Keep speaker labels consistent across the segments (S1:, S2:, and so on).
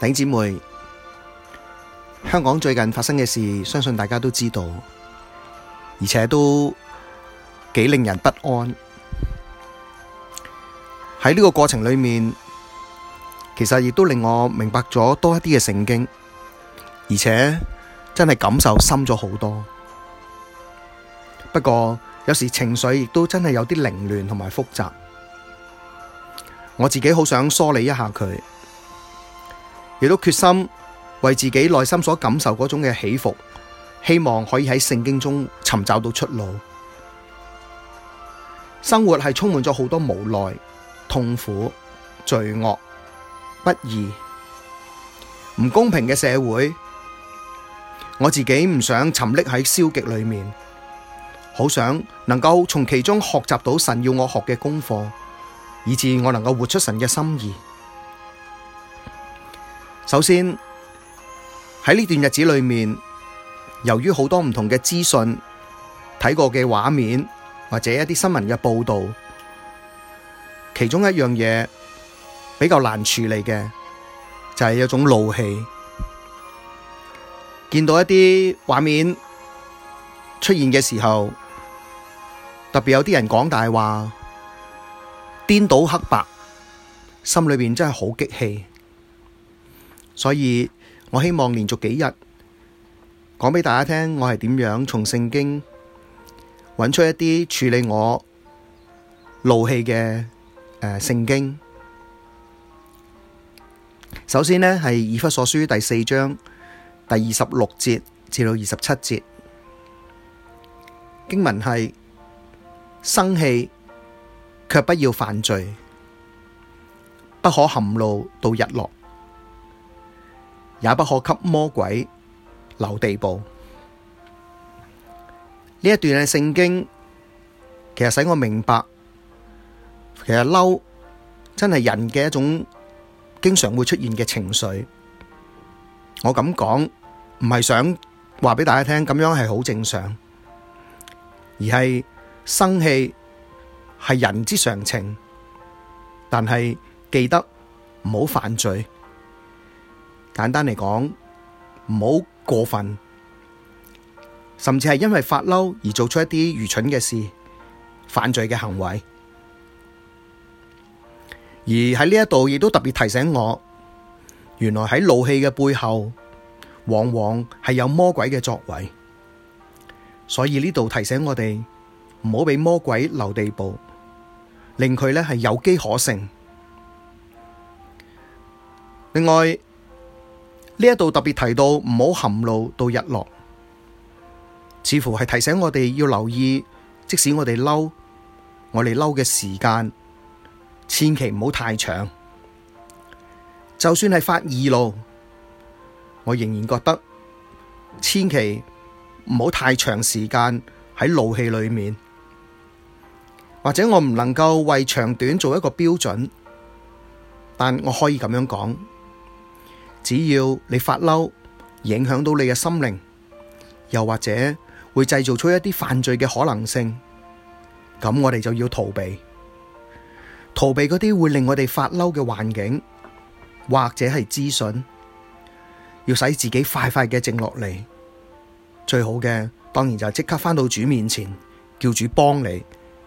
S1: 頂姐妹，香港最近發生嘅事，相信大家都知道，而且都幾令人不安。喺呢個過程裏面，其實亦都令我明白咗多一啲嘅聖經，而且真係感受深咗好多。不過有時情緒亦都真係有啲凌亂同埋複雜，我自己好想梳理一下佢。亦都決心為自己內心所感受嗰種嘅起伏，希望可以喺聖經中尋找到出路。生活係充滿咗好多無奈、痛苦、罪惡、不義、唔公平嘅社會。我自己唔想沉溺喺消極裏面，好想能夠從其中學習到神要我學嘅功課，以致我能夠活出神嘅心意。首先喺呢段日子裏面，由於好多唔同嘅資訊睇過嘅畫面或者一啲新聞嘅報道，其中一樣嘢比較難處理嘅就係、是、有一種怒氣，見到一啲畫面出現嘅時候，特別有啲人講大話，顛倒黑白，心裏面真係好激氣。所以我希望連續幾日講畀大家聽，我係點樣從聖經揾出一啲處理我怒氣嘅誒聖經。首先呢，係以弗所書第四章第二十六節至到二十七節，經文係生氣卻不要犯罪，不可含怒到日落。也不可給魔鬼留地步。呢一段嘅聖經，其實使我明白，其實嬲真係人嘅一種經常會出現嘅情緒。我咁講，唔係想話畀大家聽咁樣係好正常，而係生氣係人之常情，但係記得唔好犯罪。簡單嚟講，唔好過分，甚至係因為發嬲而做出一啲愚蠢嘅事，犯罪嘅行為。而喺呢一度亦都特別提醒我，原來喺怒氣嘅背後，往往係有魔鬼嘅作為。所以呢度提醒我哋，唔好畀魔鬼留地步，令佢呢係有機可乘。另外，呢一度特別提到唔好含怒到日落，似乎係提醒我哋要留意，即使我哋嬲，我哋嬲嘅時間，千祈唔好太長。就算係發義怒，我仍然覺得千祈唔好太長時間喺怒氣裏面，或者我唔能夠為長短做一個標準，但我可以咁樣講。只要你發嬲，影響到你嘅心靈，又或者會製造出一啲犯罪嘅可能性，咁我哋就要逃避，逃避嗰啲會令我哋發嬲嘅環境，或者係資訊，要使自己快快嘅靜落嚟。最好嘅當然就係即刻返到主面前，叫主幫你，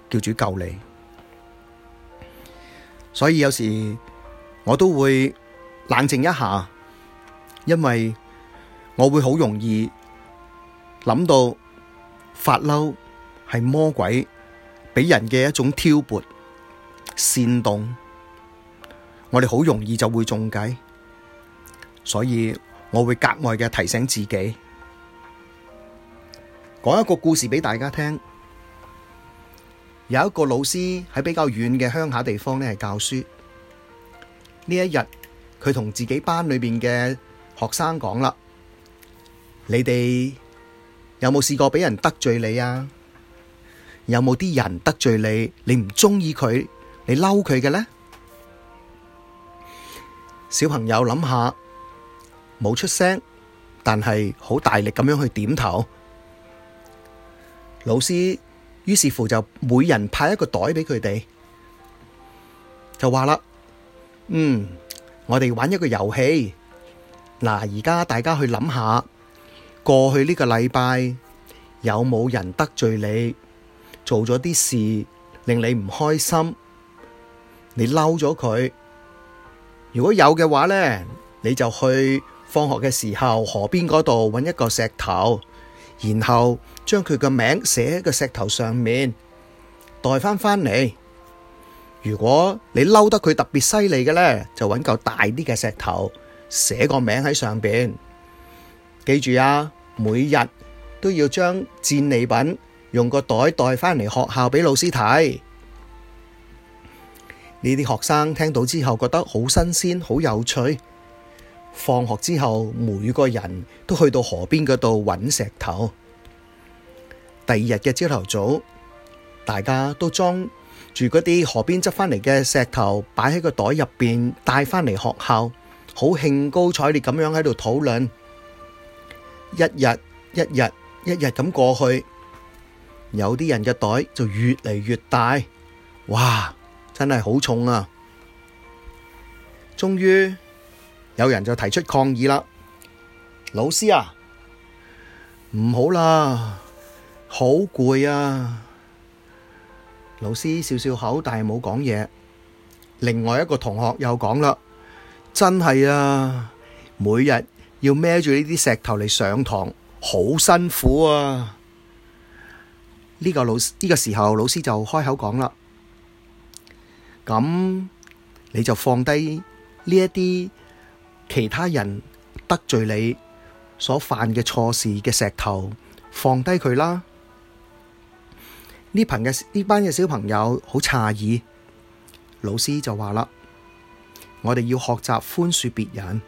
S1: 叫主救你。所以有時我都會冷靜一下。因為我會好容易諗到發嬲係魔鬼畀人嘅一種挑撥煽動，我哋好容易就會中計，所以我會格外嘅提醒自己，講一個故事畀大家聽。有一個老師喺比較遠嘅鄉下地方呢，係教書。呢一日，佢同自己班裏面嘅學生講啦：，你哋有冇試過畀人得罪你啊？有冇啲人得罪你，你唔鍾意佢，你嬲佢嘅咧？小朋友諗下，冇出聲，但係好大力咁樣去點頭。老師於是乎就每人派一個袋畀佢哋，就話啦：，嗯，我哋玩一個遊戲。嗱，而家大家去諗下，過去呢個禮拜有冇人得罪你，做咗啲事令你唔開心，你嬲咗佢。如果有嘅話咧，你就去放學嘅時候河邊嗰度揾一個石頭，然後將佢嘅名寫喺個石頭上面，帶翻返嚟。如果你嬲得佢特別犀利嘅咧，就揾嚿大啲嘅石頭。寫個名喺上邊，記住啊！每日都要將戰利品用個袋帶返嚟學校畀老師睇。呢啲學生聽到之後覺得好新鮮，好有趣。放學之後，每個人都去到河邊嗰度揾石頭。第二日嘅朝頭早，大家都裝住嗰啲河邊執返嚟嘅石頭，擺喺個袋入邊，帶返嚟學校。好興高采烈咁樣喺度討論，一日一日一日咁過去，有啲人嘅袋袋就越嚟越大，哇！真係好重啊！終於有人就提出抗議啦，老師啊，唔好啦，好攰啊！老師笑笑口，但係冇講嘢。另外一個同學又講啦。真係啊！每日要孭住呢啲石頭嚟上堂，好辛苦啊！呢個老呢個時候，老師就開口講啦。咁你就放低呢一啲其他人得罪你所犯嘅錯事嘅石頭，放低佢啦。呢群嘅呢班嘅小朋友好詫異，老師就話啦。我哋要學習寬恕別人，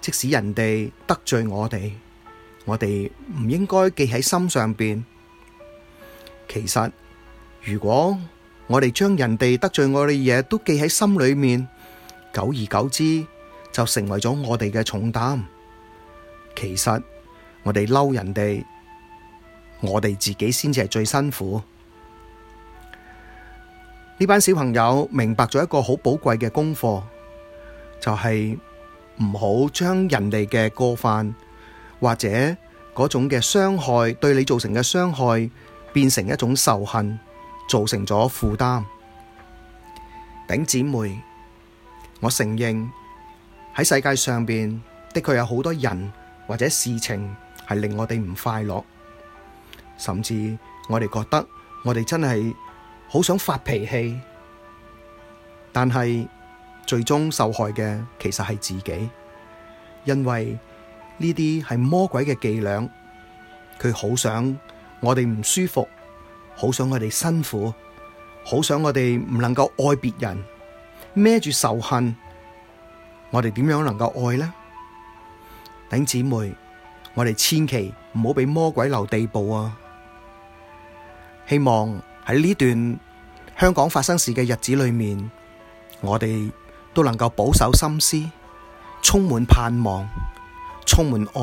S1: 即使人哋得罪我哋，我哋唔應該記喺心上邊。其實，如果我哋將人哋得罪我哋嘅嘢都記喺心裏面，久而久之就成為咗我哋嘅重擔。其實，我哋嬲人哋，我哋自己先至係最辛苦。呢班小朋友明白咗一個好寶貴嘅功課。就係唔好將人哋嘅過犯或者嗰種嘅傷害對你造成嘅傷害變成一種仇恨，造成咗負擔。頂姊妹，我承認喺世界上面的確有好多人或者事情係令我哋唔快樂，甚至我哋覺得我哋真係好想發脾氣，但係。最終受害嘅其實係自己，因為呢啲係魔鬼嘅伎倆。佢好想我哋唔舒服，好想我哋辛苦，好想我哋唔能夠愛別人，孭住仇恨，我哋點樣能夠愛呢？弟姊妹，我哋千祈唔好俾魔鬼留地步啊！希望喺呢段香港發生事嘅日子裏面，我哋。都能夠保守心思，充滿盼望，充滿愛，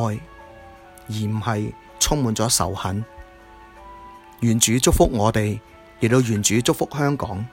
S1: 而唔係充滿咗仇恨。願主祝福我哋，亦都願主祝福香港。